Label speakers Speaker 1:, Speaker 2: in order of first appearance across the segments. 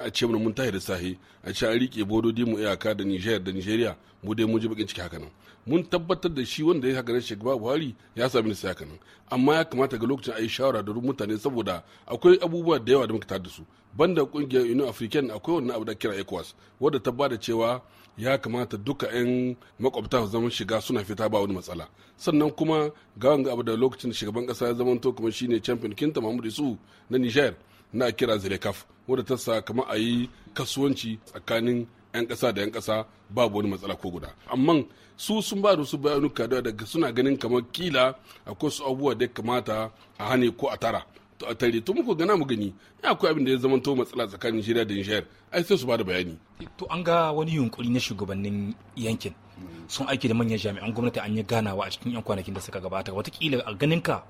Speaker 1: a ce mun mun tahi da sahi a ce an rike bododi mu iyaka da Niger da Nigeria mu dai mun ji bakin ciki haka nan mun tabbatar da shi wanda ya haka nan shugaba Buhari ya sami nisa haka nan amma ya kamata ga lokacin a shawara da mutane saboda akwai abubuwa da yawa da muka tada su banda kungiyar Union African akwai wannan abu da kira ECOWAS wadda ta bada cewa ya kamata duka 'yan makwabta su zama shiga suna fita ba wani matsala sannan kuma ga wanga abu da lokacin shugaban kasa ya zama to kuma shine champion kinta Muhammadu Isu na Niger na kira zirekaf wadda ta sa a yi kasuwanci tsakanin 'yan kasa da 'yan ƙasa babu wani matsala ko guda amma su sun ba da su bayanuka daga suna ganin kamar kila akwai su abubuwa da kamata a hane ko a tara to a tare to muku gana mu gani ya akwai abin da ya zama to matsala tsakanin Nigeria da Niger ai sai su ba da bayani
Speaker 2: to an ga wani yunkuri na shugabannin yankin sun aiki da manyan jami'an gwamnati an yi ganawa a cikin yan kwanakin da suka gabata watakila a ganin ka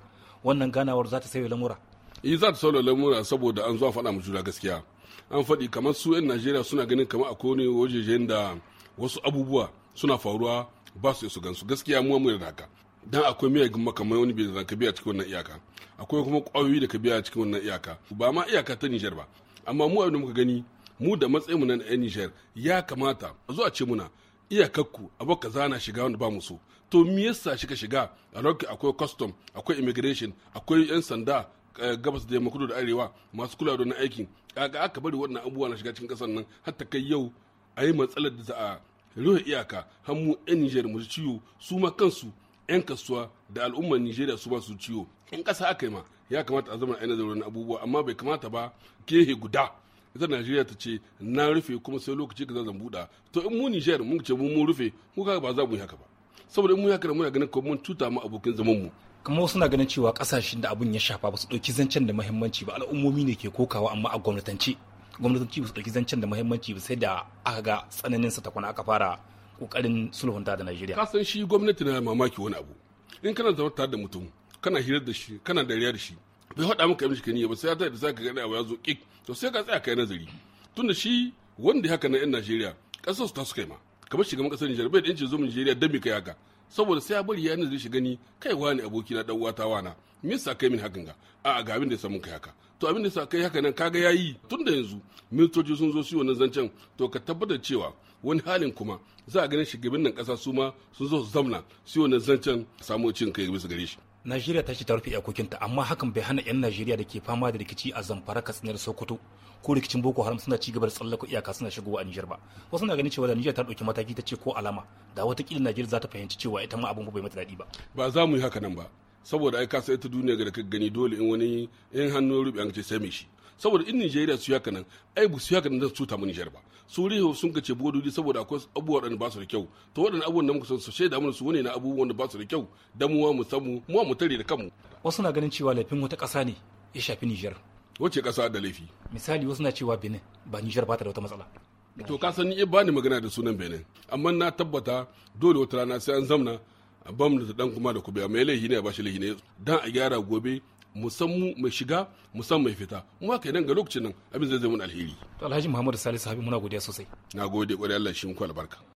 Speaker 2: wannan ganawar za ta sayo lamura
Speaker 1: yi eh, za ta saura lamura saboda an zuwa faɗa mu juna gaskiya an faɗi kamar su 'yan najeriya suna ganin kamar a kone wajejen da wasu abubuwa suna faruwa ba su su gansu gaskiya mu mu da haka dan akwai miya gumma kamar wani bai da biya cikin wannan iyaka akwai kuma kwayoyi da ka biya cikin wannan iyaka ba ma iyaka ta Nijar ba amma mu abinda muka gani mu da matsayin mu na 'yan Nijar ya kamata a zo a ce muna iyakakku abu kaza zana shiga wanda ba mu so to me yasa shi shiga a lokacin akwai custom akwai immigration akwai yan sanda Eh, gabas da yamma kudu da arewa masu kula da wannan aikin kaga aka bari wannan abubuwa na shiga cikin kasar nan har kai yau a yi matsalar da za a rufe iyaka hannu yan Nijar mu ciwo su ma kansu yan kasuwa da al'ummar Nijeriya su ba su ciwo yan kasa aka yi ma ya kamata a zama aina da abubuwa amma bai kamata ba he guda ita najeriya ta ce na rufe kuma sai lokaci ka zan buɗa to in mu nijar mun ce mun rufe mu kaga ba za mu yi haka ba saboda in mu yi haka da muna ganin ko mun tuta mu abokin zaman mu
Speaker 2: kuma suna ganin cewa kasashen da abun ya shafa ba su ɗauki zancen da muhimmanci ba al'ummomi ne ke kokawa amma a gwamnatance gwamnatanci ba su ɗauki zancen da muhimmanci ba sai da aka ga tsananin sa takwana aka fara kokarin sulhunta
Speaker 1: da Najeriya ka san shi gwamnati na mamaki wani abu in kana zama tare da mutum kana hirar da shi kana dariya da shi bai faɗa maka yamshi kaniya ba sai ya tada zaka ga abu ya zo kik to sai ka tsaya kai nazari tunda shi wanda haka na yan Najeriya kasar su ta su kai ma kamar shiga kasar Nijar bai da yanci zo Nijeriya dan me kai haka saboda sai ya bari ya zai shi gani kai wani aboki na dan uwata wana me sa kai min hakan ga a ga abin da ya samu kai haka to abin da yasa kai haka nan kaga yayi tun da yanzu ministoci sun zo su wannan zancen to ka tabbatar cewa wani halin kuma za a ganin shugabannin kasa su ma sun zo su zamna su wannan zancen samu cin kai bisa gare shi
Speaker 2: najeriya ta ce ta rufe iyakokinta amma hakan bai hana 'yan najeriya da ke fama da rikici a zamfara katsinar sokoto ko rikicin boko haram suna ci da tsallaka iyaka suna shigowa a niger ba wasu na ganin cewa da nijar ta dauki mataki ta ce ko alama da watakila najeriya za ta fahimci cewa ita ma abin bai mata daɗi ba
Speaker 1: ba za mu yi haka nan ba saboda ai ka sai ta duniya ga da ka gani dole in wani in hannu rubi an ce sai mai shi saboda in Nigeria su yaka nan ai bu su yaka nan su ta mu jarba su rihu sun kace bododi saboda akwai abubuwa da ba su da kyau to waɗannan abubuwan da muka san su shaida mana su wani na abubuwan da ba su da kyau damuwa mu san mu mu tare da kanmu wasu na ganin
Speaker 2: cewa laifin wata kasa ne ya shafi Niger
Speaker 1: wace kasa da laifi
Speaker 2: misali wasu na cewa Benin ba Niger ba ta da wata matsala
Speaker 1: to ka san ni eh, ba ni magana da sunan Benin amma na tabbata dole wata rana sai an zamna a bam da dan kuma da kubewa mai laihi ne a bashi laihi ne dan a gyara gobe mu san mu mai shiga mu san mai fita mu haka nan ga lokacin nan abin zai zai mun alheri to alhaji muhammadu salisu habibu muna godiya sosai na gode kwarai Allah shi mu albarka